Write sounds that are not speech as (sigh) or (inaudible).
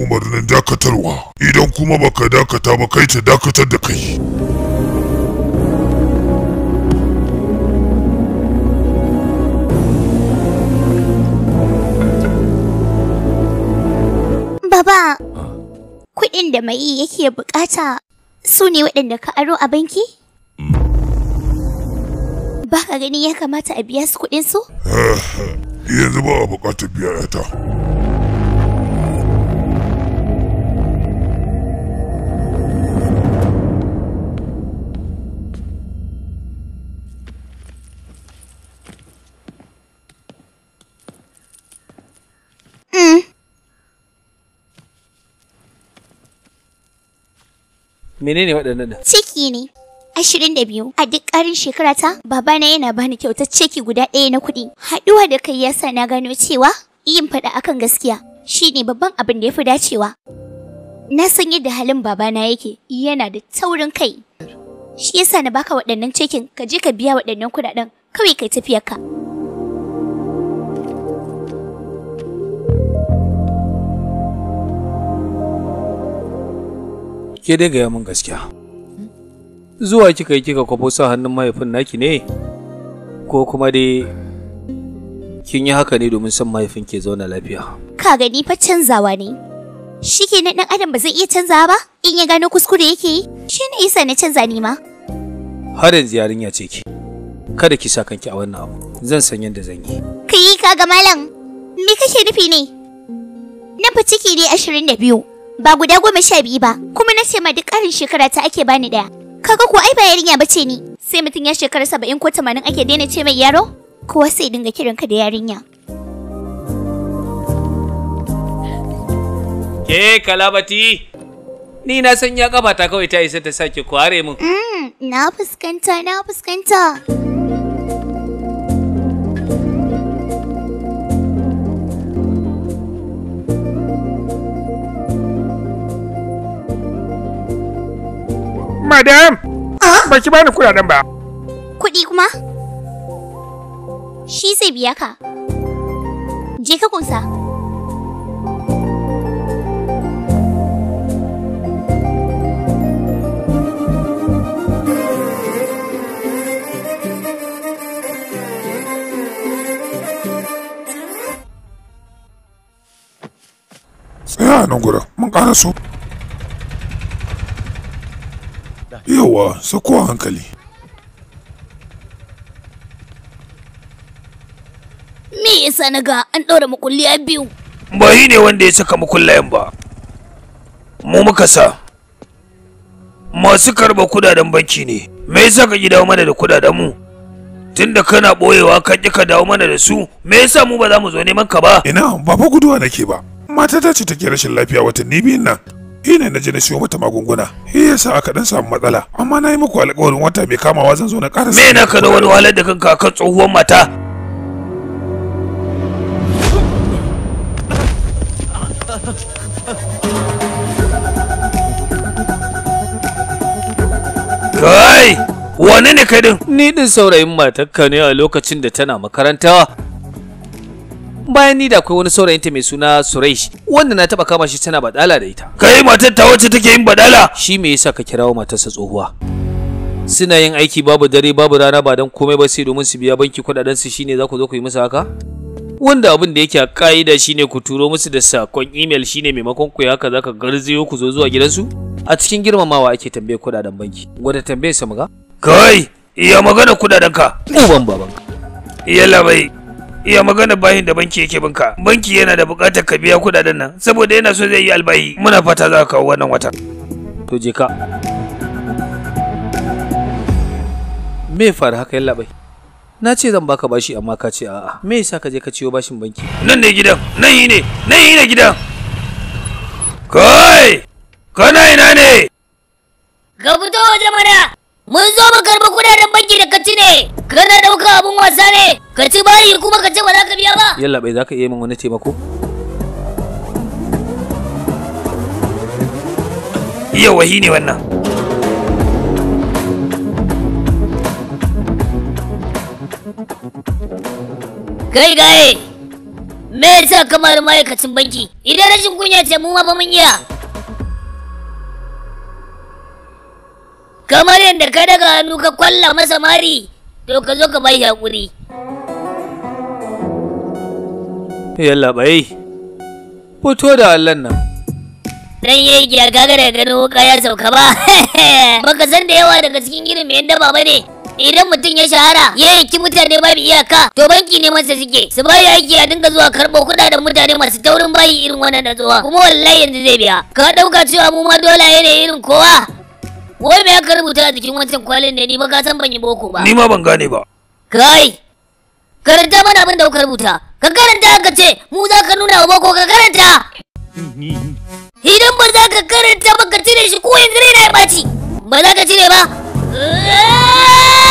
umarnin dakatarwa idan kuma baka dakata ba kai ta dakatar da kai Baba, ah. kuɗin da mai yake bukata su ne waɗanda ka aro a banki? Mm. Ba ka gani ya kamata a biya su kuɗinsu? Ah, yanzu ba a bukatar biya ta. menene waɗannan da? ciki ne ashirin da biyu a duk ƙarin shekara ta babana yana bani kyauta ceki guda ɗaya na kuɗi haɗuwa da kai yasa na gano cewa yin faɗa akan gaskiya shine babban abin da ya fi dacewa na san yadda halin babana yake yana da taurin kai shi yasa na baka waɗannan cekin ka je ka biya waɗannan kuɗaɗen kawai kai tafiyarka Ke dai gaya min gaskiya. Zuwa kika yi kika kwafo sa hannun mahaifin naki ne? Ko kuma dai kin yi haka ne domin son mahaifin ke zauna lafiya? Ka gani fa canzawa ne. Shi ke na ɗan adam ba zai iya canzawa ba? In ya gano kuskure yake yi? Shi ne isa na canza ni ma? Har yanzu yarinya ce ki. kada ki sa kanki a wannan abu zan san yadda zan yi ka yi kaga malam me kake nufi ne na fa ciki ne ashirin da biyu ba guda goma sha biyu ba kuma na ce ma duk ƙarin shekara ta ake bani ɗaya kaga ko ai ba yarinya ba ce ni sai mutum ya shekara saba'in ko tamanin ake daina ce mai yaro kowa sai dinga kiran ka da yarinya. Ke kalabati ni na san ya kaba ta kawai ta isa ta sake kware mun. Mm, na fuskanta na fuskanta. madam ah? ba ki bani kudaden ba kuɗi kuma shi zai biya ka je ka kunsa Ah, não, mun ƙara yawa sako hankali me yasa na ga an ɗaura makulliya biyu ba yi ne wanda ya saka mukullayan ba mu muka sa masu karba kudaden banki ne me yasa ka dawo mana da kudaden mu tunda kana boyewa ka ƙi ka dawo mana da su me yasa mu ba za mu zo neman ka ba ina ba fa guduwa nake ba mata ta ce take rashin lafiya watanni biyun nan ina na je na siyo mata magunguna shi yasa aka dan samu matsala amma na yi muku alƙawarin wata mai kamawa zan zo na ƙara me na ka wani wahalar da kanka kan tsohuwar mata kai wane ne kai din ni din saurayin ka ne a lokacin da tana makaranta bayan ni da akwai wani saurayinta mai suna Suresh wanda na taba kama shi tana badala da ita kai matar ta wacce take yin badala shi me yasa ka kirawo matarsa tsohuwa suna yin aiki babu dare babu rana ba dan komai ba sai domin su biya banki kudaden su shine za ku zo ku yi musu haka wanda abin da yake a ka'ida shine ku turo musu da sakon email shine maimakon ku haka zaka garzayo ku zo zuwa gidansu a cikin girmamawa ake tambaye kudaden banki gwada tambaye sa muga kai iya magana kudaden ka uban baban iya labai iya magana bayin da banki yake binka banki yana da buƙatar ka biya kuɗaɗen nan saboda yana so zai yi albayi muna fata za ka kawo wannan watan to je ka me faru haka yalla bai na ce zan baka bashi amma ka ce a'a me yasa ka je ka ciyo bashin banki nan ne gidan nan yi ne nan yi ne gidan kai kana ina ne ka fito waje mana mun zo mu karbi kudaden banki da kaci ne kana dauka abun wasa ne ka ci bayi kuma ka ce ba za ka biya ba yalla bai za ka iya min wani taimako iya wahi ne wannan kai gaye me yasa kamar ma'aikacin banki idan rashin kunya ce mu ma ba mun iya kamar yadda ka daga hannu ka kwalla masa mari to ka zo ka bai hakuri yalla bai fito da allan nan dan yayi giya gaga da gano wuka ya sauka ba (laughs) baka san da yawa daga cikin gidan mai daba ba ne idan mutum ya shahara ya yanki mutane babu iyaka to banki ne masa suke su bai aiki a dinga zuwa karɓo kuɗaɗen mutane masu taurin bayi irin wannan zuwa. kuma wallahi yanzu zai biya ka ɗauka cewa mu ma dole ne irin kowa Wai me aka rubuta a jikin wancan kwalin ne ni ba ka san ban yi boko ba. Ni ma ban gane ba. Kai! Karanta mana abin da aka rubuta. Ka karanta ka ce mu za ka nuna wa boko ka karanta. Idan ba za ka karanta ba ka cire shi ko yanzu ne na ya ɓaci. Ba za ka cire ba. Eh!